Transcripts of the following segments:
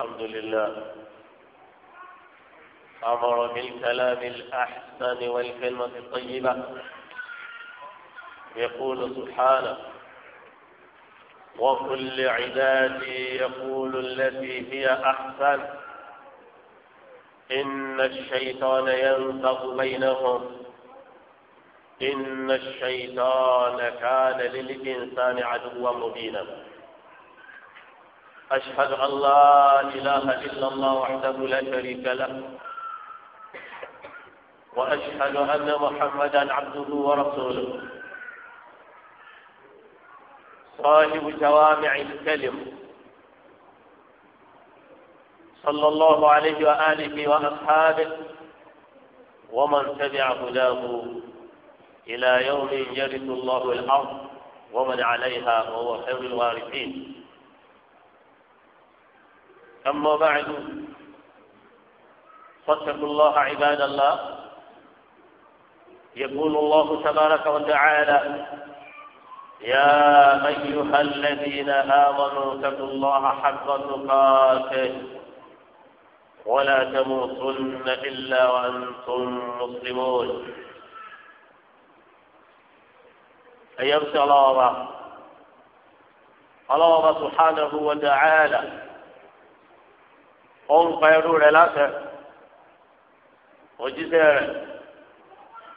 الحمد لله أمر بالكلام الأحسن والكلمة الطيبة يقول سبحانه وكل عبادي يقول التي هي أحسن إن الشيطان ينفق بينهم إن الشيطان كان للإنسان عدوا مبينا أشهد أن لا إله إلا الله وحده لا شريك له وأشهد أن محمدا عبده ورسوله صاحب جوامع الكلم صلى الله عليه وآله وأصحابه ومن تبع هداه إلى يوم يرث الله الأرض ومن عليها وهو خير الوارثين أما بعد فاتقوا الله عباد الله يقول الله تبارك وتعالى يا أيها الذين آمنوا اتقوا الله حق تقاته ولا تموتن إلا وأنتم مسلمون أيام الله الله سبحانه وتعالى ọ̀hún pa ẹrú rẹ̀ láṣẹ òjíṣẹ́ rẹ̀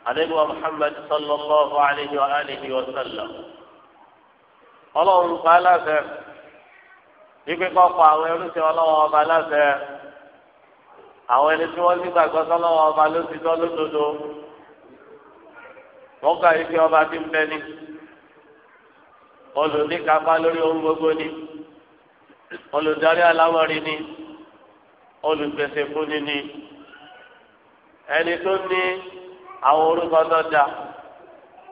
àdébùwà Muhammad sallallahu alayhi wa alihi wa sallam ọlọ́run pa láṣẹ wípé kọ́kọ́ àwọn ẹrúṣẹ́ ọlọ́wọ́ ọba láṣẹ àwọn ẹni tí wọ́n ní gbàgbọ́ sọ́lọ́wọ́ ọba ló ti tọ́ lódodo wọ́n kà wípé ọba ti ń bẹ ní olùdíkàpá lórí ohun gbogbo ni olùdarí aláwọ̀rí ni olùpèsè fúnni ni ẹni tó ní àwọn orúkọ tó da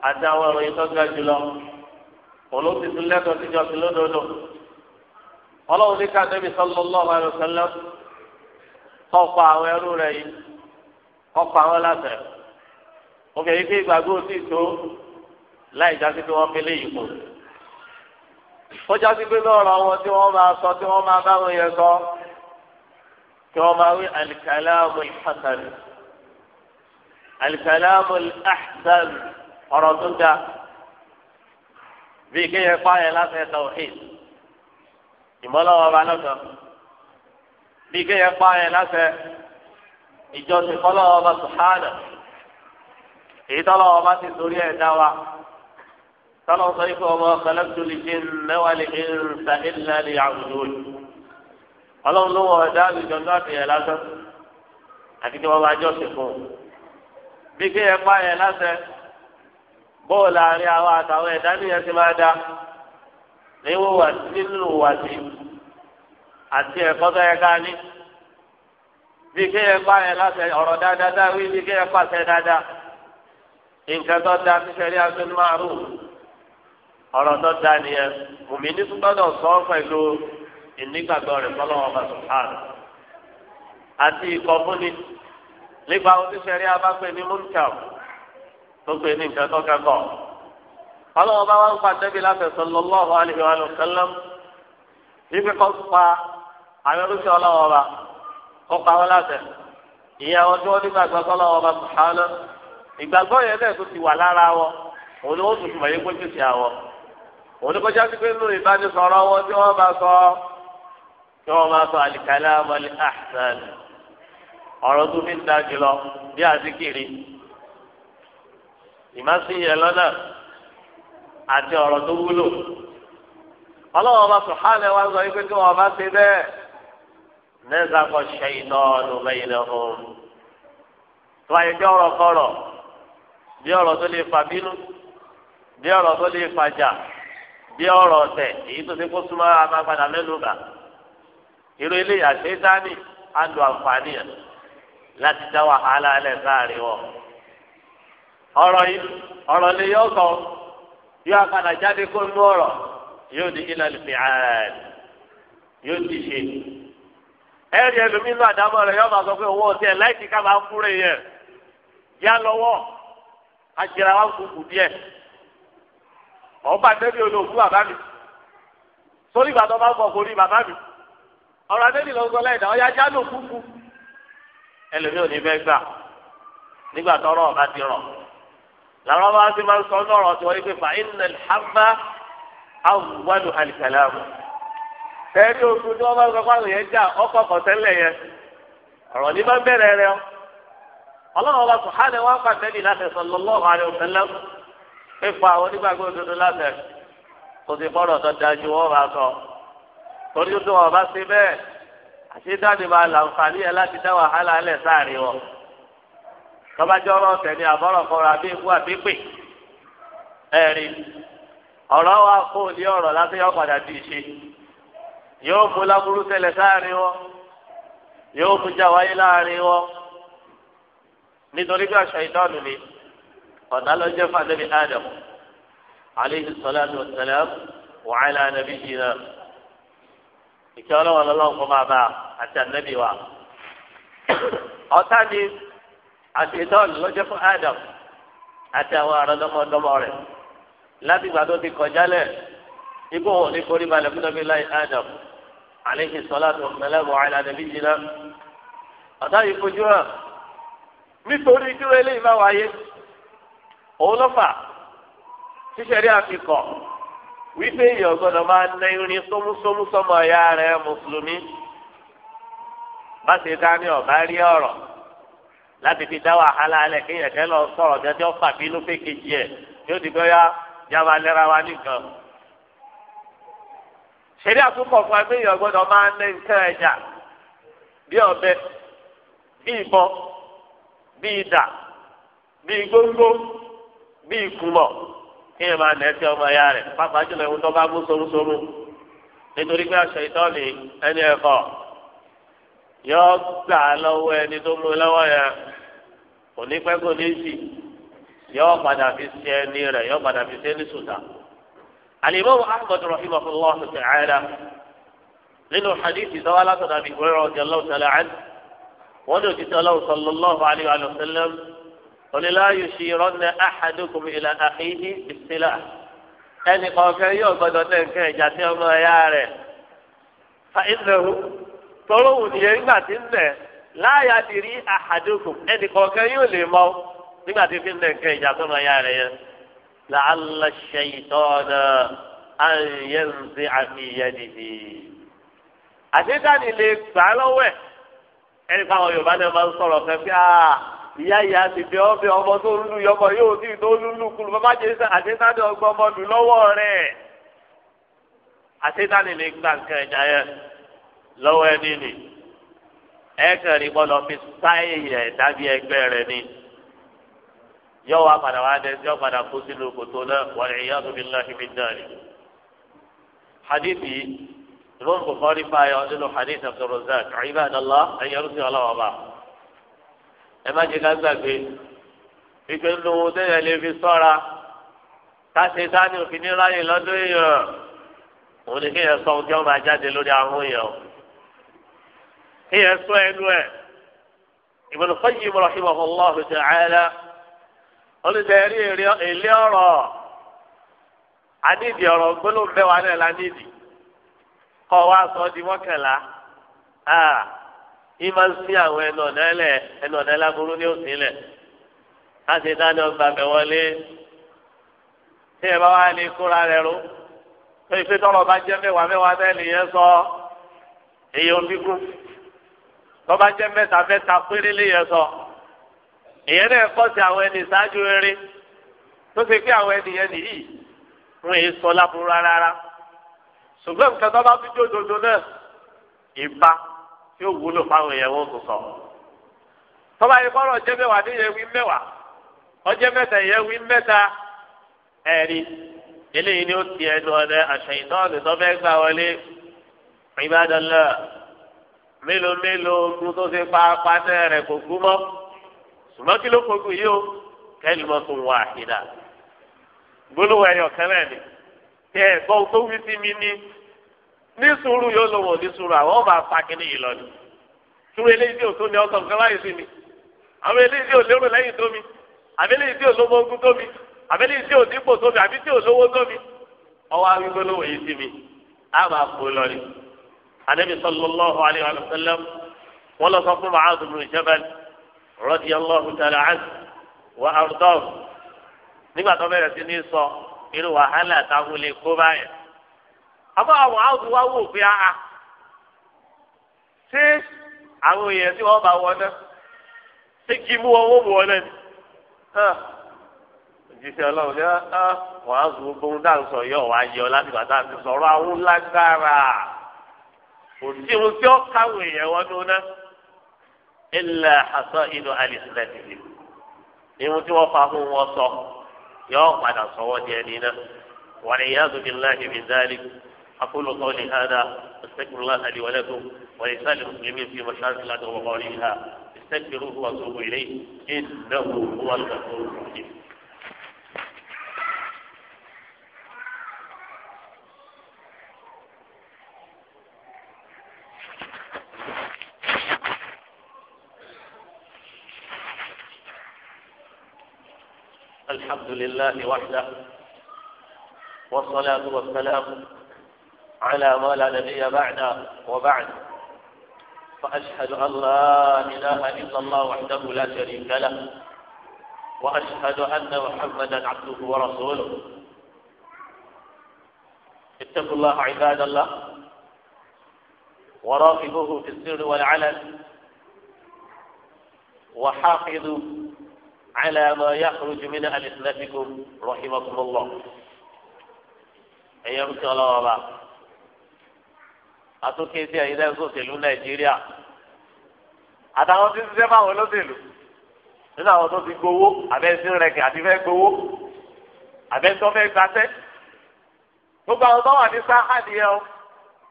àti àwọn ìròyìn tó ga jùlọ olóòtítù lẹ́tọ̀ọ́ tíjọ́ sí lódodo ọlọ́run ní kàdébí sallallahu alaihi wasallam kọ́pọ̀ àwọn ẹrú rẹ̀ yìí kọ́pọ̀ àwọn látẹ̀ obìnrin kí ìgbàgbọ́ sì tó láì jásí pé wọ́n fẹ́lẹ́ yìí kù ó jásí pé lọ́rọ̀ wọn tí wọ́n máa sọ tí wọ́n máa bá wọn yẹn sọ kí wọ́n máa wí alikalamu hasan alikalamu ahsan ọ̀rọ̀ tó ga bíi kéèyàn pààyàn láti ẹ̀ka òhìn ìmọ̀lọ́wọ́ ọba lọ́kàn bíi kéèyàn pààyàn láti ìjọsìn fọlọ́wọ́ ọba sùhánà èyí tọ́lọ́wọ́ ọba ti torí ẹ̀ dá wa tọ́lọ́wọ́ sọ yìí fún ọmọ ọ̀kan lẹ́kùtù lè ṣe ń mẹ́wàá lè ṣe ń sa ìlànà ìyàwó lónìí ọlọ́run ló wọ ọ̀dà àlùjọ ńlá fi yẹn lásán àti kí wọ́n bá jọ sí fún un bí kí ẹ pa yẹn lásán bóòlù àárín àwọn àtàwọn ẹ̀dá nìyẹn ti máa dá níwò wà nínú wà sí àti ẹ̀kọ́ tó yẹ ká ní bí kí ẹ pa yẹn lásán ọ̀rọ̀ dáadáa wí bí kí ẹ pàṣẹ dáadáa nǹkan tó da fífẹ́rí aṣọ́ni ọ̀rọ̀ tó da nìyẹn mùmí gbọ́dọ̀ sọ pẹ̀lú ìnígbàgbọ́ rẹ̀ fọlọ́wọ́ bá sùhàn àti ìkọ̀fúnni nípa oníṣẹ́rí abápẹ́ ní múntàm tó pè ní nǹkan tó kẹ́kọ̀ọ́ fọlọ́wọ́ bá wà ń pa tẹ́bí látẹ̀sán lọ́lọ́ọ̀hún àlehìwá lọ́sẹ́lẹ́m wípé kọ́ pa àwọn oníṣẹ́ ọlọ́wọ́ bá kọ́ pa wọn látẹ̀ ìyàwó tí wọ́n nígbàgbọ́ fọlọ́wọ́ bá sùhàn ìgbàgbọ́ yẹn náà tó ti wà lára wọn òun ni wọ́n tuntun mọ̀ yẹ kó tètè àwọn òun ni kọjá sí pé nínú ìbánisọ̀rọ̀ wọn tí wọ́n bá sọ ọ́ kí wọ́n máa sọ àlìkálá wọlé àṣàn ọ̀rọ̀ tó fi ń da jùlọ bí àzikiri ìmásíyẹ lọ́nà àti ọ̀rọ̀ tó wúlò ọlọ́wọ́n bá sùhánẹ́ wá sọ wípé kí wọ́n bá ṣe bẹ́ẹ̀ nẹ́ẹ̀sà kọ ṣe iná ọdún bẹ́yìn náà hàn tó ayé bí ọ̀rọ̀ kọ̀rọ̀ bí ọ̀rọ̀ tó lè fa bínú bí ọ̀rọ̀ tó lè fa jà bí ọ̀rọ̀ ọ̀tẹ̀ èyí tó ṣe kó súnmọ́ amagbada mẹ́lòó kan irú eléyà ṣẹ́tánì á lo àǹfààní ẹ̀ láti dá wàhálà alẹ́ sáàrin wọn. ọ̀rọ̀ yìí ọ̀rọ̀ lè yọ ọkọ̀ yóò àkàdà jáde kó nú ọ̀rọ̀ yóò di ilẹ̀ lè fi ààrẹ yóò ti ṣe. ẹ̀rí ẹlòmínú àdámọ̀ rẹ̀ yóò máa sọ pé owó ọtí ẹ̀ láìsí ká máa kúrè yẹn yá lọ́wọ́ àjẹrà wa kúkú díẹ̀ ọba tẹ́lẹ̀ olóògùn bàbá mi sórí ìgbà bá ń bọ̀ kórí bàbá mi ọ̀rọ̀ adébí lọ sọ lẹ́yìn náà ọ̀yá jálò kúkú ẹlòmíì ò ní fẹ́ gbà nígbà tọrọ ọba ti rọ làwọn bá ti máa ń sọ lọ́rọ̀ tí wọ́n yí pé fà ìnnà ìhàmà awùwádùn àlìkàlámù tẹ́lẹ̀ ogun tí wọ́n bá ń sọ fáwọn yẹn já ọkọ̀ kọ̀tẹ́lẹ̀ yẹn ọ̀rọ̀ ní máa bẹ̀rẹ̀ rẹ ọlọ́run ọba sùhánẹ̀ wọn pàṣẹ ní láti sallallahu alaihi wasallam pípa àwọn onígbàgbọ́ òdodo láti kò sí fọ́rọ̀ tó dájú wọ́n máa sọ torí ó dún ọba ṣe bẹ́ẹ̀ àṣetáni máa làǹfààní ẹ láti dá wàhálà alẹ̀ sáàrin wọn tọ́bajọ́ ọ̀rọ̀ ọ̀sẹ̀ ni àbọ̀rọ̀ kọ̀ọ̀rọ̀ àbí ikú àbí pè ẹ̀rí ọ̀rọ̀ wa kó ní ọ̀rọ̀ láti yọ padà di ìṣe yóò mú lábúrú tẹ̀lẹ̀ sáàrin wọn yóò mú já wáyé láàrin wọn nítorí bí aṣọ ìdánù ni ọ̀dà ló jẹ́ fàdébí Ádámù alayhi salatu wa salam wa ala nabiyyina ìkẹ́ ọlọ́wọ́ lọ́lọ́wọ́ kó máa bá àti ànábì wa. ọ̀tá ni àṣetán ló jẹ́ fún Adam àti àwọn àrọ́dọ́mọdọ́mọ rẹ̀ láti ìgbà tó ti kọjá lẹ̀ ibò wọn ní forí balẹ̀ fún nàbí láì Adam àléhìn sọlá tó mẹlẹ́mù àìlà nàbí jìnnà. ọ̀tá yìí fojú hàn nítorí kíló eléyìí máa wáyé òun ló fà ṣíṣẹ́rí àfikọ̀ wípé èèyàn gbọ́dọ̀ máa ná irin sómúsómú sọmọ ọ̀yá rẹ̀ mùsùlùmí bá ti ká ní ọ̀bá rí ọ̀rọ̀ láti fi dá wàhálà alẹ̀ kéèyàn kẹ́ lọ sọ̀rọ̀ jẹ́jẹ́ ọ̀fà bínú pékejì ẹ̀ yóò ti gbọ́yà jáwa lẹ́ra wa nìkan. ṣeré àtúnkọ̀ fún ẹgbẹ́ èèyàn gbọ́dọ̀ máa ná nǹkan ẹ̀jà bí ọ̀bẹ bí ìbọn bí ìdà bí gbóngbó bí ìkùmọ̀ kí ẹ máa nẹ́ẹ̀tì ọmọ ya rẹ̀ pápá jùlọ ìwọ́n tó bá mú sorúsorú nítorí pé aṣọ ìtọ́ni ẹni ẹ̀kọ́ yọ gbà lọ́wọ́ ẹni tó mú lọ́wọ́ yẹn kò ní pẹ́ kò ní jì yọ padà fi ṣe ẹni rẹ̀ yọ padà fi ṣe ní sùtà. Al-Imam Ahmad rahimahullah ta'ala nínú hadithi tó wá látọ̀dọ̀ àbí ìwé rọ̀ ọ̀dẹ̀ lọ́wọ́ tẹ̀lé àdì wọ́n ní òtítọ́ lọ́wọ́ sọ̀lọ́lọ́hu onílá yushiranna ahadukum ila akhihi bis-silah ẹnì kọ̀ọ̀kan yóò gbọdọ̀ tẹ̀ ń kẹ́ ẹ̀jà tí ọmọ ẹ̀yà rẹ̀ fa ìnáwó tọ́lọ́ wù nìyẹn nígbà tí ń bẹ̀ láàyà ti rí ahadukum ẹnì kọ̀ọ̀kan yóò lè mọ́ nígbà tí fi ń tẹ̀ ń kẹ́ ẹ̀jà ọmọ ẹ̀yà rẹ̀ yẹn la'alla ash-shaytana an yanzi'a fi yadihi ìyá ìyá ti bẹ ọbẹ ọmọ tó lulu yọmọ yóò sì tó lulu kulu bàbá jésù àtẹsáde ọgbọ ọmọ dùn lọ́wọ́ rẹ̀ àtẹsáde lè gba nǹkan ẹja yẹn lọ́wọ́ ẹni nì ẹkẹrin gbọ́dọ̀ fi sáyé yẹ dábí ẹgbẹ́ rẹ̀ ni yọ wá padà wá dé yọ padà kó sínú kòtò náà wal iyadu billahi min dhalik hadithi ìlú Bukhari báyọ nínú hadith Abdurrazzaq ibadallah ẹyẹ rúṣin ọlọwọ báyọ ẹ má jẹ ká gbàgbé ìpè ń lo ohun tẹ́lẹ̀ lè fi sọ́ra káṣe sáni òfin ní ráyè lọ́dún èèyàn òun ni kéèyàn sọ ohun tí wọ́n máa jáde lórí ahọ́n èèyàn kéèyàn sọ ẹnu ẹ̀ Ibn Qayyim rahimahullahu ta'ala olùdarí èlé ọ̀rọ̀ anídìí ọ̀rọ̀ gbólóhùn mẹ́wàá náà la nídìí kọ́ wa sọ di mọ́kànlá. Ah ìmọ̀ sí àwọn ẹnu ọ̀nà ẹlẹ̀ ẹnu ọ̀nà ẹlábúrú ní òsì lẹ̀ láti dáná ọgbà bẹ̀ wọlé tí ẹ bá wà ní kóra rẹ̀ ró pé ìpè tọrọ bá jẹ́ mẹ́wàá mẹ́wàá bẹ́ẹ̀ nìyẹn sọ èyí ò fi kú tọ́ba jẹ́ mẹ́ta mẹ́ta péré lèyẹn sọ èyẹn náà kọ́ sí àwọn ẹni ìṣáájú eré tó ṣe pé àwọn ẹni yẹn nìyí wọn èyí sọ láburú rárá ṣùgbọ́n nǹkan tó bá fi jódodo náà ìbá tí ó wúlò fáwọn èèyàn wọn kò sọ. tọ́ba yìí kọ́rọ̀ jẹ́ mẹ́wàá ní yẹn wí mẹ́wàá ọjẹ́ mẹ́ta yẹn wí mẹ́ta ẹ̀rí eléyìí ni ó ti ẹnu ọ̀nà àṣà ìtọ́ọ̀nù tó fẹ́ gbà wọlé ìbádọ́lọ́ mélòó mélòó ogun tó fi pa pátẹ́ rẹ̀ kò gún mọ́ ṣùgbọ́n kí ló fogun yìí o kẹ́lìmọ́ tó wà ìdá gbólóhùn ẹ̀yọ̀ kẹ́lẹ́ ni kẹ́ ẹ̀ gbọ́ tó wí sí mi ní ní sùúrù yóò lọ wọ ní sùúrù àwọn ọba pàkínní yìí lọ ni sùúrù eléyìí tí ò tó ní ọsàn nǹkan láyé sí mi àwọn eléyìí tí ò lérò lẹ́yìn tó mi àbí eléyìí tí ò lówó ogún tó mi àbí eléyìí tí ò dípò tó mi àbí tí ò lówó tó mi ọwọ́ arúgbó lówó yìí sí mi á máa kó anabi sallallahu alayhi wa sallam wọn lọ sọ fún Mu'adh ibn Jabal radiyallahu ta'ala anhu wa ardahu nígbà tó bẹ̀rẹ̀ sí ní sọ irú wàhálà táwọn lè kó báyẹn àmọ́ àwọn àwùjọ wa wò pé àá ṣé àwọn èèyàn tí wọ́n bá wọn náà ṣé kí mú wọn wọ́n mú wọn náà ni jíṣẹ́ ọlọ́run ní wọ́n á zùn gbóhùn dáhùn sọ yọ wá yọ láti bàtà àti sọ̀rọ̀ àwọn lágbára kò sí ohun tí ó káwọn èèyàn wọn ní ná ilẹ̀ àtọ́ inú alìsílẹ̀ tìlẹ̀ ihun tí wọ́n fa fún wọn sọ yọ padà sọ wọ́n di ẹni náà wàlẹ̀ yíyá zùn bí láti bí dáálí. أقول قولي هذا أستغفر الله لي ولكم ولسائر المسلمين في مشارق الأرض ومغاربها استغفروه وأتوبوا إليه إنه هو الغفور الرحيم الحمد لله وحده والصلاة والسلام على ما لا نبي بعد وبعد فأشهد أن لا إله إلا الله وحده لا شريك له وأشهد أن محمدا عبده ورسوله اتقوا الله عباد الله وراقبوه في السر والعلن وحافظوا على ما يخرج من ألسنتكم رحمكم الله أيها الله àtúnkè sí ẹ̀yin lẹ́yìn sòṣèlú nàìjíríà àtàwọn tí ń ṣiṣẹ́ fáwọn olóṣèlú nínú àwọn tó ti gbowó àbẹ́sí rẹ̀kẹ̀ àti fẹ́ gbowó àbẹ́sọ́ fẹ́ gbàtẹ́ gbogbo àwọn tó wà ní sáà nìyẹn o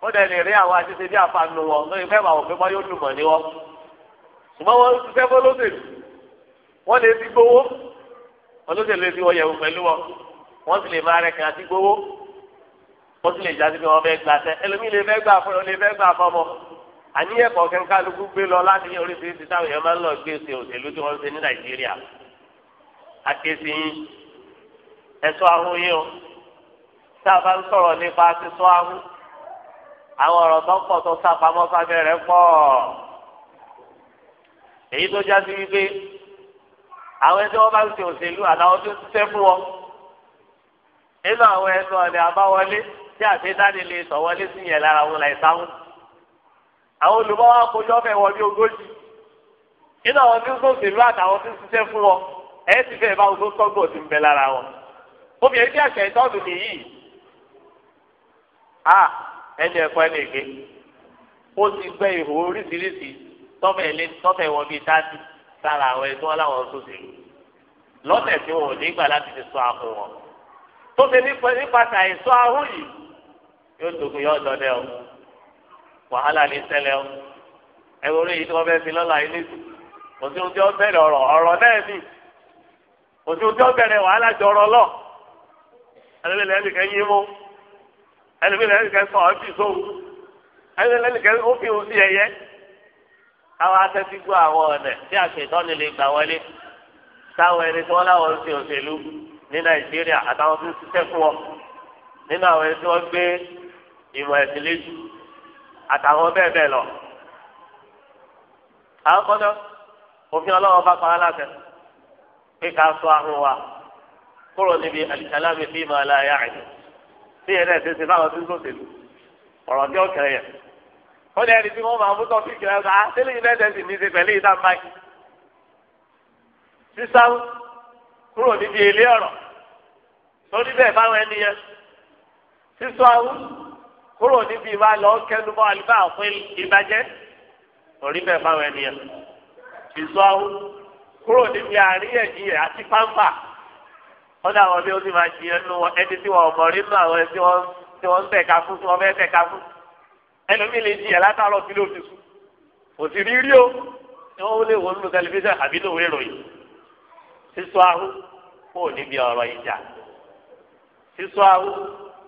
ó dẹ̀ lè rí àwọn àṣìṣe bí àfààní wọn lórí fẹ́ bàwọ̀ pé wọ́n yóò dùn mọ̀ ní wọn ṣùgbọ́n wọ́n ti fẹ́ fọlọ́sẹ̀lú wọ́n lè ti gbowó olóṣèlú ti wọ ó sì lè jáde pé wọn fẹ́ gbà sẹ ẹlòmíì lè fẹ́ gbà fún ọ lè fẹ́ gbà fọmọ àníyàn kọ̀ọ̀kan kálukú gbé lọ láti ní oríṣiríṣi táwọn èèyàn máa ń lọ gbé ṣe òṣèlú tí wọ́n ń ṣe ní nàìjíríà àkẹ́sì yín ẹ̀sọ́ yín o tá a bá ń sọ̀rọ̀ nípa sísọ ahun àwọn ọ̀rọ̀ tó pọ̀ tó sàpamọ́ sábẹ́ rẹ̀ pọ̀ èyí tó já sí wípé àwọn ẹni tí wọ́n bá ń ṣe òṣèlú àtàwọn tó ń ṣiṣẹ́ fún wọn nínú àwọn ẹnu ọ̀nà àbáwọlé tí àṣetáni lè sọ̀wọ́lé sí yẹn lára wọn láì sáwọn. àwọn olùbọ́ wa kojú ọ̀fẹ́ wọ bí ogójì nínú àwọn tí ń sọ òṣèlú àtàwọn tí ń ṣiṣẹ́ fún wọn ẹ̀ ti fẹ́ bá oṣù tọ́gbọ̀ ti ń bẹ lára wọn. obìnrin tí àṣẹ ìtọ́jú nìyí a ẹni ẹ̀kọ́ ẹni èké ó ti gbẹ ìhò oríṣiríṣi tọ́fẹ̀ lé tọ́fẹ̀ wọn bíi táàtì sára àwọn ẹni tí wọ́n láwọn oṣù tó ṣe nípasẹ̀ àìsọ ahùn yìí yóò dògùn yóò dọdẹ o wàhálà ní ṣẹlẹ̀ o ẹ wo lóyìn tí wọn fẹẹ fi lọlá yìí nísì kò sí ohun tí wọn bẹ̀rẹ̀ náà ni kò sí ohun tí wọn wàhálà jọ lọ ẹlẹmi lẹni kẹ yín mú ẹlẹmi lẹni kẹ sọ ọtí ẹlẹmi lẹni kẹ ó fi sí ẹyẹ káwọn gbọ́ àwọn tí ìmọ̀ ẹ̀sìn léjì àtàwọn bẹ́ẹ̀ bẹ́ẹ̀ lọ. àwọn kọ́dọ̀ òfin ọlọ́wọ́ bá pa aláṣẹ pé ká sọ ahọ́n wa kúrò níbi àlìkàlámi fi máa la ayá àjẹ tí yẹn náà ṣeéṣe báwọn tí ń sòṣèlú ọ̀rọ̀ tí ó kẹrẹ yẹn. ó ní ẹni tí wọ́n máa mú tọ́sí ìkìlẹ̀ ọ̀gá àtẹ́lẹ̀ ah, yìí sì ní í ṣe pẹ̀lú ìdá báyìí. sísáwó kúrò níbi ilé ọ̀rọ̀ tó ní báwọn ẹni yẹn sísáwó kúrò níbi ìbá lọ kẹnu bọ àlùbá fún ìbàjẹ́ orí bẹ́ẹ̀ fáwọn ènìyàn ìsọ kúrò níbi àríyànjiyàn àti pàmpà wọn dà wọn bí ó ti máa jiyàn nínú wọn ẹni tí wọn mọ rí nínú àwọn ẹni tí wọn tí wọn ń tẹka fún tí wọn fẹẹ tẹka fún ẹlòmíì lè jiyàn látàrọ sí lóṣù sùn kò sì rí o ni wọn lè wọ nínú tẹlifíṣàn àbí nínú ìwé ìròyìn sísọ ahú kúrò níbi ọ̀rọ̀ ìjà sísọ ahú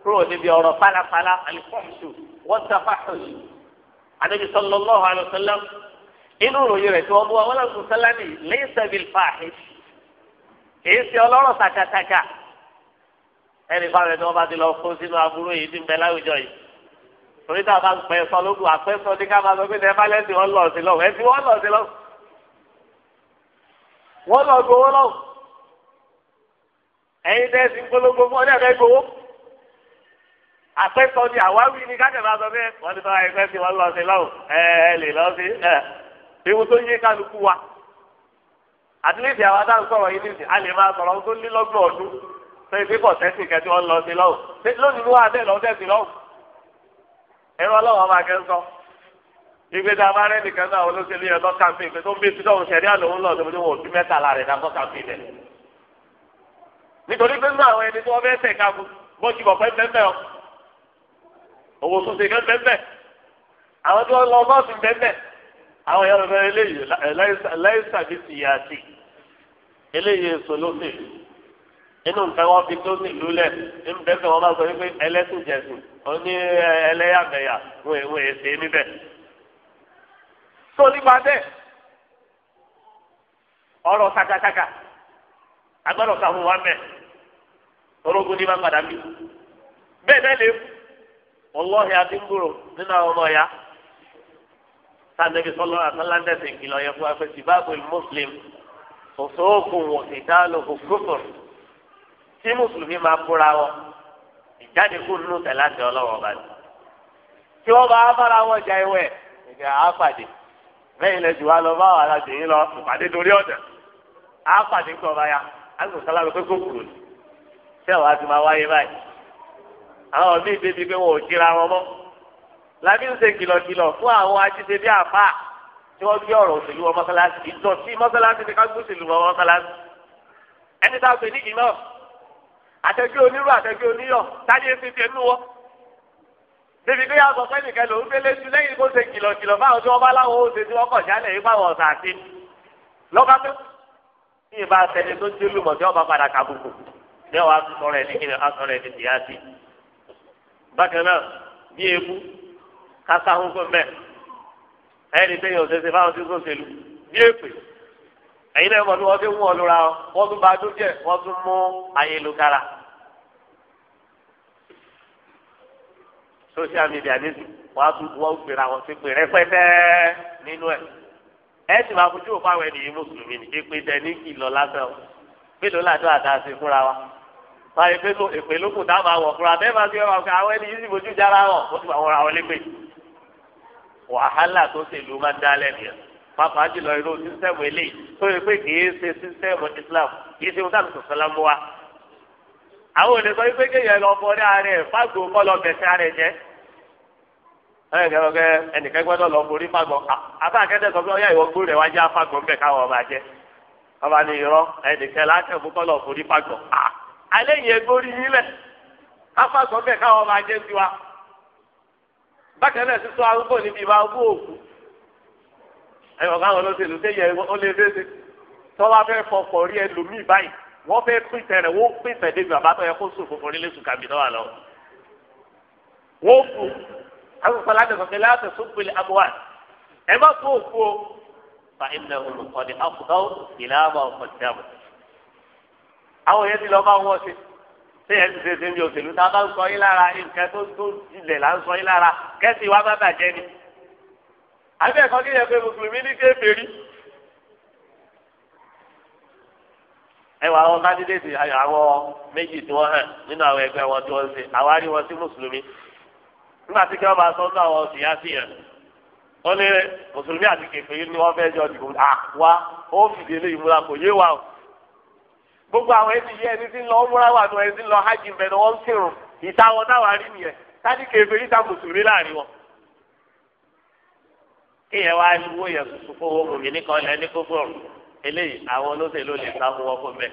kúrò níbi ọ̀rọ̀ pálapàla alikọ́mṣu wọ́n tafa ṣòṣì anabi sallallahu alayhi wa sallam inú ròyìn rẹ̀ tí wọ́n mú wa wọ́n lọ́sùn sálámì laysa bil fahish èyí ṣe ọlọ́rọ̀ takataka ẹnì kan rẹ̀ ni wọ́n bá ti lọ fún sínú aburú yìí ti ń bẹ láwùjọ yìí torí tá a bá ń pẹ́ sọ lóògùn àpẹ́sọ ní ká máa sọ pé nẹ́ẹ̀fà lẹ́sìn wọn lọ sí lọ́wọ́ ẹ̀sìn wọn lọ sí lọ́wọ́ wọn lọ gbowó lọ́wọ́ ẹ̀yin tẹ́sí gbólógbó fún ọ àpẹsọ ni àwáwí ni kájọba sọ pé wọn ti sọ àìpẹ sí wọn lọ sí lọhùn ẹ ẹ lè lọ sí ẹ ewu tó yé kálukú wa àtúntì àwọn adáhùn sọ̀rọ̀ yìí nìyí a lè máa sọ̀rọ̀ ohun tó lé lọ́gbọ̀n ọdún tó ibi kọ tẹsí kẹtí wọn lọ sí lọhùn lónìí ló wà bẹ́ẹ̀ lọ tẹsí lọhùn ẹrọ ọlọ́run máa kẹ ń sọ ìgbé tá a máa rẹ nìkan náà olóṣèlú yẹn lọ kàmpé ìgbé tó ń bí sísọ òun ṣẹlẹ̀ àlòun lọ tóbi tó wọn ò mẹ́tàlá rẹ náà kọ kàmpé nítorí pé nínú àwọn ẹni tí wọn fẹ́ẹ́ tẹ bó ti bọ pẹ pẹpẹ ọ owó tó ṣe kẹ́ bẹ́ẹ̀ àwọn tó lọ bá sùn bẹ́ẹ̀ àwọn yàrá rẹ eléyìí eh, láìsàbí ti yà sí eléyìí èso ló sì inú nǹkan wọn fi tó nílùú lẹ nbẹ́fẹ̀ wọn bá sọ wípé ẹlẹ́sìn jẹ̀sìn oní eh, ẹlẹ́yàmẹ̀yà wọn èèwọ̀ èsè níbẹ̀. tó nípa bẹ́ẹ̀ ọ̀rọ̀ sakasaka agbọ́dọ̀ kàwọn wa mẹ́ orogun ní bá padà bí bẹ́ẹ̀ náà lè fún wọlọ́ọ̀hì adígbòrò nínú àwọn ọmọ ya sanabi sọlọ àtàlándẹsẹ ìkìlọ̀ yẹ fún afẹsí báàbò mùsùlùm òṣòògùn òṣìdáàlò òkúkùn tí mùsùlùmí máa kóra wọn ìjáde kú nínú tẹ láti ọlọ́wọ́ bá dé tí wọ́n bá bára wọn jà ìwẹ̀ ìgbà àápàdé bẹ́ẹ̀ ilẹ̀ jù wá lọ bá wàhálà dè yín lọ ìpàdé dorí ọ̀dẹ̀ àápàdé ń tọ́ bá ya àgùntàn lábẹ́ pé kókòrò ni tí àwọn àti máa wáyé báyìí àwọn míì débi pé wọn ò jíra wọn mọ́ làbí ń ṣe kìlọ̀kìlọ̀ fún àwọn ajíṣe bí àfà tí wọ́n gbé ọ̀rọ̀ òṣèlú wọn mọ́sálásí ìdọ̀tí mọ́sálásí ni ká gbé òṣèlú wọn mọ́sálásí ẹni tá a pè ní ìmọ̀ àtẹ̀gbẹ́ onírú àtẹ̀gbẹ́ oníyọ̀ táyé fi ti ẹnu wọ́ débi pé yàtọ̀ sẹ́nìkẹ́ lòún délé ju lẹ́yìn kó ṣe kìlọ̀kìlọ̀ fáwọn tí wọ́n bá láwọn ó ṣe tí wọ́n kọ̀ jálẹ̀ yìí fáwọn ọ̀sà àti lọ́ba tó ní ìbá sẹni tó délùmọ̀ tí wọ́n bá padà kàbùkù ní ọ̀wá bákan náà bí ebu kásá ń kó mẹ ẹni tẹyìn òṣèṣe fáwọn tí kò ṣèlú bí èpè ẹyin náà wọn ni wọn fi ń wọn lura wọn tún bá dúkìá wọn tún mú ayélujára social media ní wọn tún wọn gbéra wọn ti pè rẹpẹtẹ nínú ẹ ẹ sì máa fojú òfò àwọn ènìyàn mùsùlùmí ní pé tẹ ní kìlọ lásán o mélòó làdó àtàṣe fúnra wa fa ìpè ló ìpè ló kù dá máa wọ̀ fúnra bẹ́ẹ̀ máa fi wà pé àwọn ẹni yìí sì fojú jára wọ̀ ó sì máa wọra wọlé pé wàhálà tó sì lù máa dá lẹ́nu yẹn pàápàá jùlọ irú sísẹ́mù eléyìí tó yẹ pé kì ṣe sísẹ́mù Islam kì í ṣe wọ́n sọ sọlá mú wa. àwọn òde sọ pé kéèyàn lọ fọ ní ara ẹ̀ fáàgbó kọ́ lọ bẹ̀sẹ̀ ara ẹ̀ jẹ́ ẹnìkan gbọ́dọ̀ lọ borí fáàgbọ́ àbá akẹ́tẹ̀ sọ pé ọyá ìwọ gbó rẹ̀ wájú afáàgbọ́ bẹ̀ káwọn ọba jẹ́ ọba ní irọ́ ẹnìkan lákẹ́ fún kọ́ lọ borí fáàgbọ́ ah alẹ́ yẹn gbórí yín lẹ̀ afásọ bẹ́ẹ̀ káwọn máa jẹ́ tiwa bákan náà sísọ arúgbó níbi ìwà arúgbó òkú ẹ̀rọ káwọn olóṣèlú tẹ́yẹ ó lé léṣe tọ́wọ́ fẹ́ fọkọ̀ rí ẹlòmíì báyìí wọ́n fẹ́ pín tẹ̀rẹ̀ wọ́n pín tẹ̀dé kó sùn fúnfún nílé náà lọ. wọ́n má o olùkọ́ni ìlànà ọ̀pọ̀ àwọn èèyàn ti lọ bá wọn ṣe téèyàn ti ṣe ṣe ní òṣèlú tá a bá ń sọ yín lára nǹkan tó tó ilẹ̀ là ń sọ yín lára kẹ́sì wa má bàjẹ́ ni. àbí ẹ̀kọ́ kí yẹn pé mùsùlùmí ní kéferì. ẹ wà àwọn kandidéètì àwọn méjì tí wọ́n hàn nínú àwọn ẹgbẹ́ wọn tí wọ́n ṣe àwárí wọn sí mùsùlùmí. nígbà tí kí wọ́n bá sọ ní àwọn síyáàsì yẹn wọ́n ní mùsùlùmí àti kéferì ni wọ́n fẹ́ jọ dìbò gbogbo àwọn ẹni yẹ ẹni tí ń lọ múra wà nù ẹni tí ń lọ hajj bẹ ni wọn ń sèrò ìtawọ táwa rí nìyẹn tádì kẹfẹ níta mùsùlùmí láàrin wọn. kí yẹn wá wó yẹn tuntun fún owó mòmí ní kan lẹ́ni kókó eléyìí àwọn olóṣèlú lè sá fún wọn fún bẹ́ẹ̀.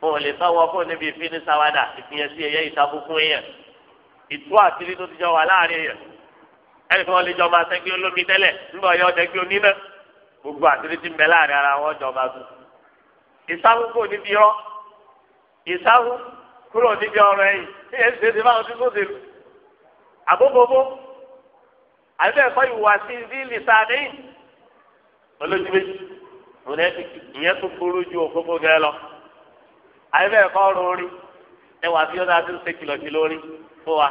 wọn ò lè sá wọn fún níbi ìfíní sáwádà ìfiyẹn sí ẹyẹ ìsàkókún yẹn ìtú àtìrí tó ti jọ wà láàrin yẹn ẹnì kan lè jọ ìsáwó kò níbi irọ́ ìsáwó kúrò níbi ọ̀rọ̀ ẹ̀yìn tí èyí ṣe ti máa ń dúró dèrò àbóbóbó àbẹ́ẹ̀kọ́ ìhùwàsí ní lìsàdé olójú méjì mùnẹ́fìkì ìyẹn tó burú ju òfófó gẹ́ lọ àbẹ́ẹ̀kọ́ ọ̀rọ̀ orí ẹwà tí ó dáa tó ń ṣe kìlọ̀kìlọ̀ orí fún wa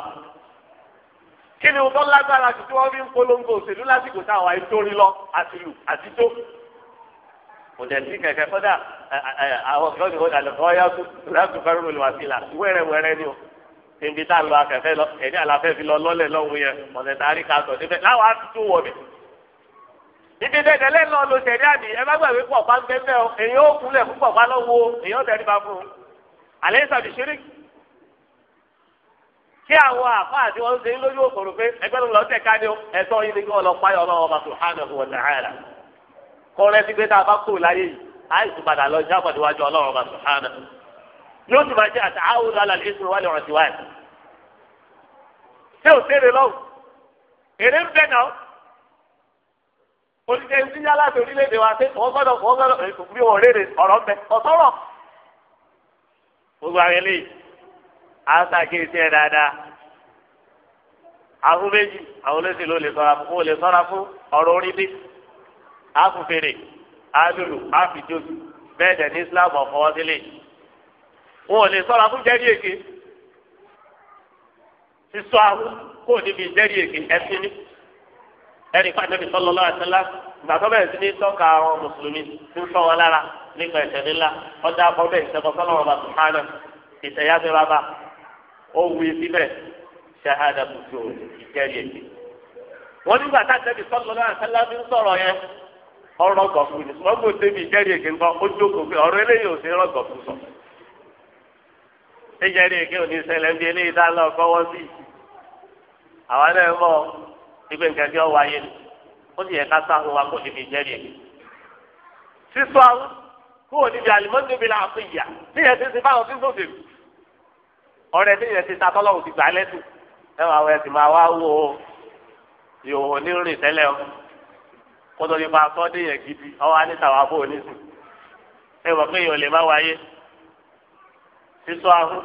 kí ni wọ́n lágbára tuntun wọ́n fi ń polongo òṣèlú lásìkò táwọn àìtórí lọ àti lù àti tó kò dẹ̀ sí kẹ̀kẹ́ kọ́dà àwọn kan ní kọ́dà lọ́kọ́ yá láti fẹ́ rúmi wá sí la wẹ́rẹ́ wẹ́rẹ́ ni o níbi tá a lọ akẹ́fẹ́ lọ ẹ̀dí àlàfẹ́ fi lọ lọ́lẹ̀ lọ́hùn yẹn ọ̀sẹ̀ tá a rí ká sọ níbẹ̀ láwọn á tún wọ̀ mí. ibi dẹ́gẹ́ lẹ́nu lọ lo sẹ̀dí àmì ẹ má gbàgbé pọ̀ bá ń bẹ́ mẹ́ o èyí ó kúnlẹ̀ fún pọ̀ bá lọ́wọ́ èyí ó tẹ̀lé bá fún un. àlẹ́ ìsàbí ṣírí kí àwọn àfa àti wọn ṣe ń lójú òkòrò pé ẹgbẹ́ ló lọ tẹ̀ ká ní ẹ̀tọ́ yìí ni kí wọ́n lọ kọrẹ sí pé tá a bá kúrò láyé yìí àìsí padà lọ sí àpàdéwájú Ọlọ́run ọba sùhánà yóò tún bá jẹ àti àwọn alàlẹ ìṣòro wà lè rántí wáyé ṣé ò sèrè lọ́wọ́ èrè ń bẹ náà oníṣẹ́ ìdílé aláṣẹ orílẹ̀-èdè wa ṣe wọ́n gbọ́dọ̀ wọ́n gbọ́dọ̀ bí wọ́n léèrè ọ̀rọ̀ ń bẹ ọ̀sọ́rọ̀ gbogbo àwọn eléyìí á ṣàkíyèsí ẹ̀ dáadáa àwọn àwọn olóṣèlú lè sọ́ra àfùfèrè àlùlù àfìjọsù bẹ́ẹ̀ dẹ̀ ní islam ọ̀fọwọ́sílẹ̀ wọn ò lè sọ̀rọ̀ fún jẹ́rí èké sísọ àwọn kò níbi jẹ́rí èké ẹ̀sìn ní ẹ̀rí pàtẹ́bí sọ́lọ́ lọ́wọ́ àtẹ́lá ìgbà tó bẹ̀rẹ̀ sí ní tọ́ka àwọn mùsùlùmí tí ń sọ wọn lára nípa ẹ̀sẹ̀ nílá ọjà bọ́bẹ̀ ìṣẹ́kọ̀ sọ́lọ́ wọn bá tó hánà ìṣẹ̀yáfẹ́ bàbá ó wí síbẹ̀ ṣahada bùsùn ìjẹ́rí èké wọn nígbà tá ọ̀rọ̀ ọgọ fún mi ṣùgbọ́n gbọ́dọ̀ débi ìjẹ́rìí èké ńkọ́ ó jókòó pé ọ̀rọ̀ eléyìí ò sí rọgọ fún sọ ìjẹ́rìí èké ò ní ń bí eléyìí dá lọ fọwọ́ sí i àwa náà mọ ìgbẹ́ nǹkan bí ọwọ́ ayé ni ó sì yẹ ká sáhùn wa kó níbi ìjẹ́rìí èké sísọ àwọn kó o níbi àlùmọ́tò bí ìyà níyẹn ti ti fáwọn tí sòfin ọ̀rẹ́ níyẹn ti ta tọ́lọ́hùn ti gbà lẹ́sùn ẹ máa wọ ẹ sì máa wá wo tẹ́lẹ̀ o. kótó nípa akọ́dé yẹn gidi ọwọ́ anítàwọn abó onísìn ẹ wọ pé yòó lè má wáyé sísọ ahọ́n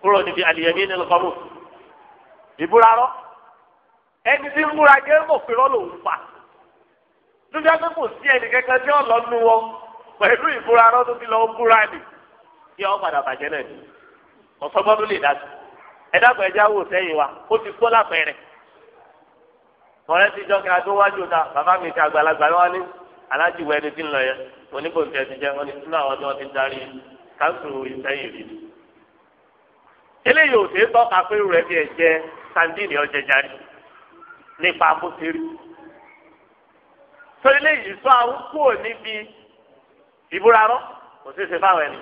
kúrò níbi àlìyẹ̀mí nínú kọ́mù ìbúra rọ ẹni tí ń múra jẹ́ mọ̀ pé rọ́ lòún pa lójú ẹgbẹ́ kò sí tí ó lọ nu wọn pẹ̀lú ìbúra tó fi lọ búra nì kí ọ padà bàjẹ́ náà ni ọ̀sọ́gbọ́n ló lè ẹ dàgbà sẹ́yìn wa ó ti kó lápẹ̀rẹ̀ mọ̀rẹ́ ti jọ́ kí a tó wájú ta bàbá mi ti àgbàlagbà lọ́wọ́ ní aláàjì wọ ẹni lọ yẹ mo ní kò ń tẹ́tí jẹ́ wọ́n ní sínú àwọn tí wọ́n ti darí káńsù ìsẹ́yìn rí. eléyìí sandini ọjẹ jáde nípa akóṣeré. sọ sọ àwọn kúrò níbi ìbúra rọ fáwọn ẹni.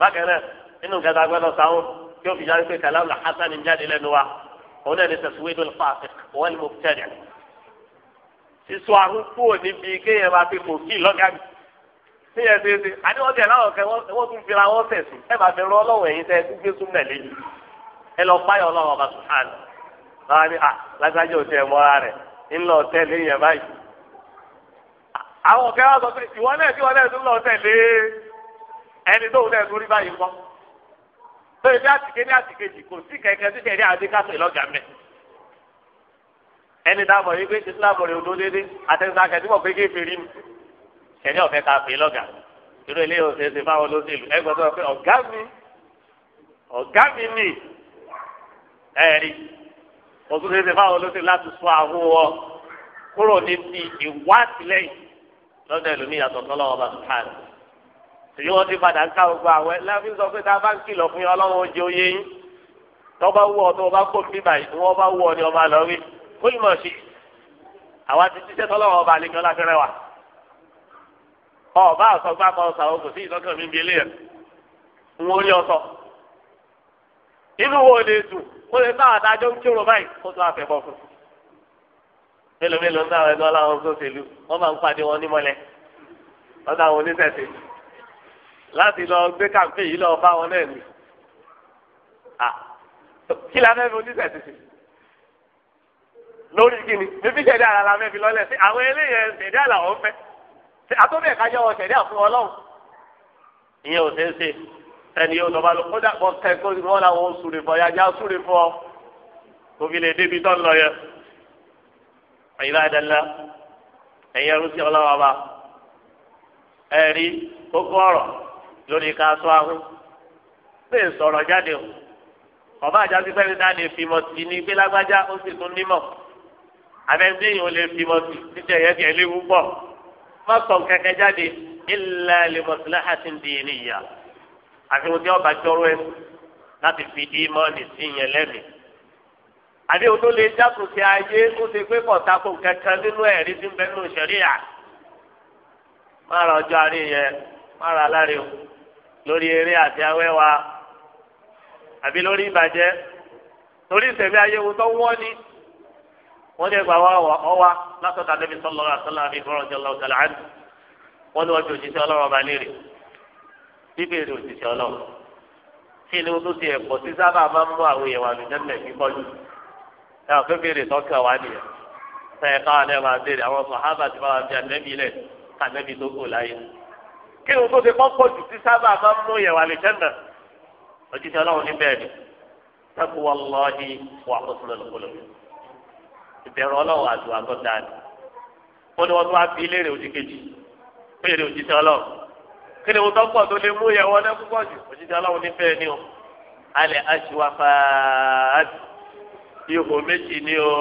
bákan náà nínú gàdá sáwọn tí ó fi jáde pé kàlámù làhásán ń jáde lẹ́nu wa òun náà ní tẹ̀síwéjú fàáfẹ́ wọ́n ní mo tẹ̀lé. sísọ àrùn kúrò níbi kéèyàn máa fi kò kí lọ́gà mi. kéèyàn ṣe é ṣe àní wọ́n tẹ̀ láwọn kẹ́ wọ́n tún fira wọ́n sẹ̀sùn ẹ máa fi rán ọlọ́wọ̀ ẹ̀yin tẹ́ ẹ tún gbé sún mẹ́lẹ́ yìí. ẹ lọ báyọ̀ ọlọ́wọ̀ bá sùn hàn. báwa ni à lágbájá òtí ẹ̀ mọ́ra rẹ̀ ńlọ tẹ̀lé yẹn báyìí. àwọn lórí bí àtìké ní àtìkejì kò sí kẹ̀kẹ́ sí kẹ̀kẹ́ àdékàtò ìlọ́gà mẹ́. ẹni dáàbọ̀ yìí pé islam rẹ̀ odó dédé àtẹnudá kẹ̀síwọ̀ pé kéfì rí mi kẹ̀ní ọ̀fẹ́ ká pè lọ́gà irú eléyìí ọ̀sẹ̀ ṣe fáwọn olóṣèlú ẹ gbọ́dọ̀ pé ọ̀gá mi ọ̀gá mi nì ẹ̀rí òtún ṣe ṣe fáwọn olóṣèlú láti sọ àwọn wọn kúrò níbi ìwádìí lẹ́yìn lọ́dọ̀ ẹlòmíyàtọ̀ tọ́lọ́wọ́ bá tó káàdì èyí wọn ti padà ń ká gbogbo àwẹ láfi sọ pé tá a bá ń kìlọ̀ fún yín ọlọ́run ó oyé yín tó bá wú ọ tó bá kó mi báyìí tó wọ́n bá wú ọ ni ọba lọ rí kó ìmọ̀ sí i àwa ti ṣiṣẹ́ tọ́lọ́wọ́ ọba àlejò láfẹ́rẹ́ wa ọba àsọgbà kan sàwọn kò sí ìtọ́kàn mi bí eléyà ń wọ́n rí ọsọ inú wo lè dùn kó lè bá àdájọ́ ń kírun báyìí kó tó àfẹ́bọ̀ fún mélòó mélòó ń dáwọn ẹni ọlọ́run tó ṣèlú wọ́n máa ń pàdé wọn nímọ̀lẹ́ wọ́n dáwọn oníṣẹ̀ṣe láti lọ gbé kàǹpé yìí lọ bá wọn náà ni kí la fẹ́ fi oníṣẹ́ ti sè lórí kíni bíbí ṣẹ̀dá ara la fẹ́ fi lọ́lẹ̀ sí àwọn eléyẹn ṣẹ̀dá làwọn fẹ́ àtọ́bí ẹ̀ka jẹ́ wọn ṣẹ̀dá fún ọlọ́run ìyẹn ò ṣeé ṣe ẹni yóò lọ́ba lọ kódà bọ́ kẹ́kọ́ ni wọ́n làwọn sùrè fọ ya já sùrè fọ òfin lè débi tọ́ lọ yẹ ẹ̀yin bá dẹ́lá ẹ̀yin ẹrú sí ọlọ́wọ́ bá ẹ̀rí kókó ọ̀rọ̀. lórí ká sọ ahọ́n bẹ́ẹ̀ sọ̀rọ̀ jáde o ọba àjàsí pẹ́ẹ́lí náà lè fimọ̀ sí ní gbélagbájá ó sì tún nímọ̀ mọ yìí ó lè fimọ̀ sí níta ẹ̀yẹ́ tiẹ̀ léwu pọ̀ má sọ jáde illa li ọba jọrọ ẹ láti fi sí yẹn tó lè sí ayé ó ti kankan nínú ẹ̀rí tí ń má ra ọjọ́ àárín yẹn má lórí eré àti awẹ́wà àbí lórí ìbàjẹ́ torí ìsẹ̀mí ayéwo tó wọ́n ni wọ́n dẹ̀ gbà wá ọwá látọ̀tà níbi sọ́lọ́ àtọ́lá àbí ìfọ̀rọ̀jọ́ lọ́wọ́ tẹ̀lé àdì wọ́n ní wọ́n ti òṣìṣẹ́ ọlọ́run ọba léèrè bíbèrè òṣìṣẹ́ ọlọ́run kí ni wọ́n tó ti ẹ̀pọ̀ sí sábà máa ń mú àwọn èèyàn àlùjẹ́ mẹ́ kíkọ́ jù ẹ̀ ọ̀fẹ́ bèrè tọ́kà wá nìyẹn sẹ́yìn káwọn ẹ̀ máa bèrè àwọn sọ̀hábà ti bá bí ànẹ́bí lẹ̀ kànẹ́bí tó kò láyé kí ni tó ṣe kọ́kọ́ jù sí sábà máa ń mú yẹ̀wò àlìjẹ́nà òjijì ọlọ́run ní bẹ́ẹ̀ ni tẹ́kù wọn lọ ní wà kóso lọ́lọ́kọ́lọ́ ìbẹ̀rù ọlọ́run àti wà tó dáa ni wọ́n ní wọ́n tún wá fi léèrè òjì kejì léèrè òjijì ọlọ́run kí ni tó tó lè mú yẹ̀wò ọlọ́run púpọ̀ jù òjijì ọlọ́run ní bẹ́ẹ̀ ni o alẹ́ aṣíwáfà ihò méjì ni o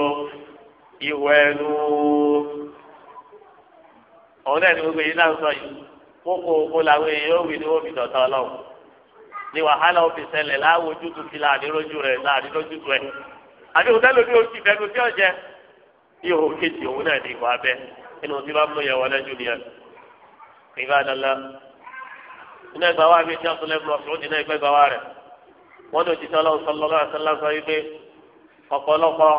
ihò kókó oko làwọn èèyàn òwì ni wọ́n fi dọ̀tà ọlọ́run ni wàhálà ó fi ṣẹlẹ̀ láwùjọ tó fi láàdínlójú rẹ̀ láàdínlójú rẹ̀ àbí òun tẹ́lẹ̀ bí oṣù ìfẹ́nu tí ọ̀jẹ́ ihò kejì òun náà ní ìwà abẹ́ inú tí bá mú yẹn wọlé jù nìyẹn ìgbà iná ìgbà wa mi tí sọlẹ̀ bọ̀ ṣùgbọ́n iná ìgbà wa rẹ̀ wọ́n lò títí ọlọ́run sọlọ́lá àṣẹlá sọ wípé ọ̀pọ̀lọpọ̀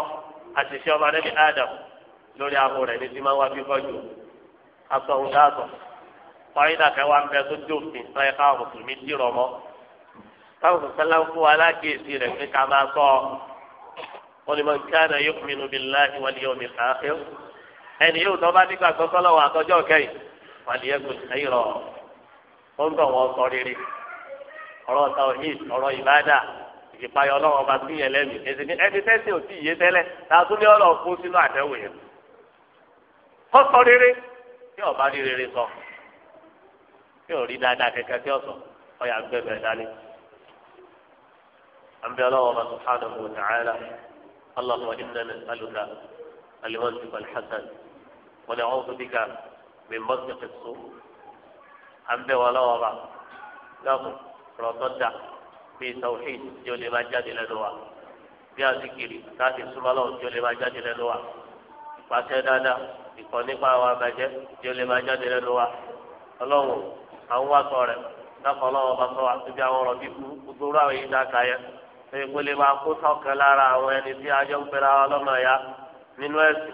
àṣìṣe ọmọ Adam lórí ahọ́ rẹ̀ ní ti máa wá bí kọ́jú aṣọ òun kọ́ńdà kẹwàá ń bẹ tó dófin sọ ẹ káwọn mùsùlùmí dìrọ̀ mọ́ káwọn sọ̀sẹ́lá ń fún wa aláàkíyèsí rẹ̀ pé ká máa sọ wọn ni mo ń kana yu'minu billahi wal yawmil akhir ẹni yóò tọ́ bá nígbà gbọ́sọ́ lọ́wọ́ àtọ́jọ́ kẹ́yìn falyakul khayra ó ń bọ̀ wọ́n sọ rere ọ̀rọ̀ tawhid ọ̀rọ̀ ìbádà ìfipáyọ̀ ọlọ́run ọba tún yẹn lẹ́nu ẹni tẹ́sí ò tí yé tẹ́lẹ̀ tààtún ní ọlọ́run kó sínú àtẹ̀wò yẹn kó sọ rere tí ọba rí rere sọ tí ò rí dáadáa kẹkẹ tí ó sọ ọyà gbẹgbẹ dání. àmì ọlọ́wọ́ bá subhanahu wa ta'ala allahumma inna nas'aluka al-mantiq al-hasan wa na'udhu bika min mantiq as-su' àmì ọlọ́wọ́ bá lọ́kùn rọ̀tọ́ dà bíi tawhid tí ó lè máa jáde lẹ́nu wa bí a ti kiri láti súnmọ́ lọ́wọ́ tí ó lè máa jáde lẹ́nu wa pàṣẹ dáadáa ìkànnì pa àwọn abajẹ́ tí ó lè máa jáde lẹ́nu wa ọlọ́run àwọn wá sọ rẹ̀ dákọ̀ ọlọ́wọ́ bá sọ àtúbí àwọn ọ̀rọ̀ bí kúkúrú àwọn yìí dáka yẹ èyí kò lè máa kó sọ́kẹ́ lára àwọn ẹni tí ajọ́ ń pera ọlọ́mọ ya nínú ẹ̀sìn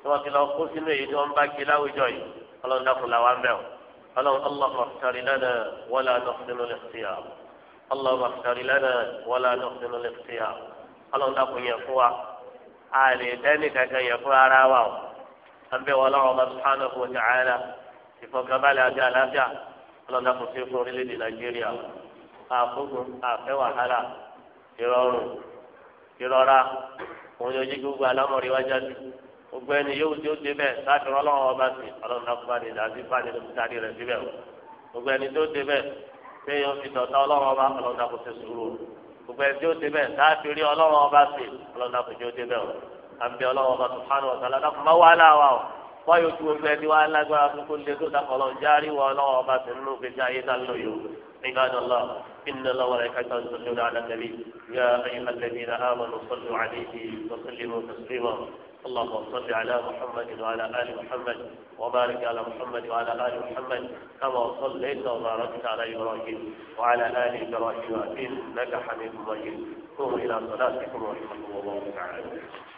tí wọ́n ti lọ kó sínú èyí tí wọ́n bá kí láwùjọ yìí ọlọ́run dákun làwọn bẹ̀ ọlọ́run ọlọ́run ọ̀sẹ̀rì lẹ́nà wọ́lá nọ́ọ̀sìnú lẹ́sìá ọlọ́run ọ̀sẹ̀rì lẹ́nà wọ́lá nọ́ọ̀sìnú lẹ́sìá ọlọ́run dákun yẹn fún wa a lè kankan yẹn fún ara wa o àbẹ̀wò ọlọ́run ọba sùhánà fún ọjà àyàlà ọlọ́dà kò sí fún orílẹ̀-èdè nàìjíríà àfógun àfẹ́ wàhálà ìrọ̀rùn ìrọ̀ra òun yóò jí gbogbo alámọ̀rí wájà sí gbogbo ẹni yóò tí ó débẹ̀ láti rọ́lọ́wọ́ ọba sí ọlọ́dà kò bá ní ìdásí bá ní lókítàdí rẹ̀ síbẹ̀ gbogbo ẹni tó débẹ̀ pé yóò fi tọ̀tà ọlọ́wọ́ ọba ọlọ́dà kò sí sùúrù gbogbo ẹni tó débẹ̀ láti rí ọlọ́wọ́ ọba sí ọlọ́dà kò sí ó débẹ̀ o àbí ọlọ́wọ́ ọba subhanahu wa ta'ala wọ́n yóò tu ẹni wá lágbára fún kó lè tó dákọ̀ lọ járí wọ ọlọ́wọ́ ọba tó nínú gbèsè ayé tá lò yó عباد الله إن الله وملائكته يصلون على النبي يا أيها الذين آمنوا صلوا عليه وسلموا تسليما اللهم صل على محمد وعلى آل محمد وبارك على محمد وعلى آل محمد كما صليت وباركت على إبراهيم وعلى آل إبراهيم إنك حميد مجيد قوموا إلى صلاتكم ورحمة الله تعالى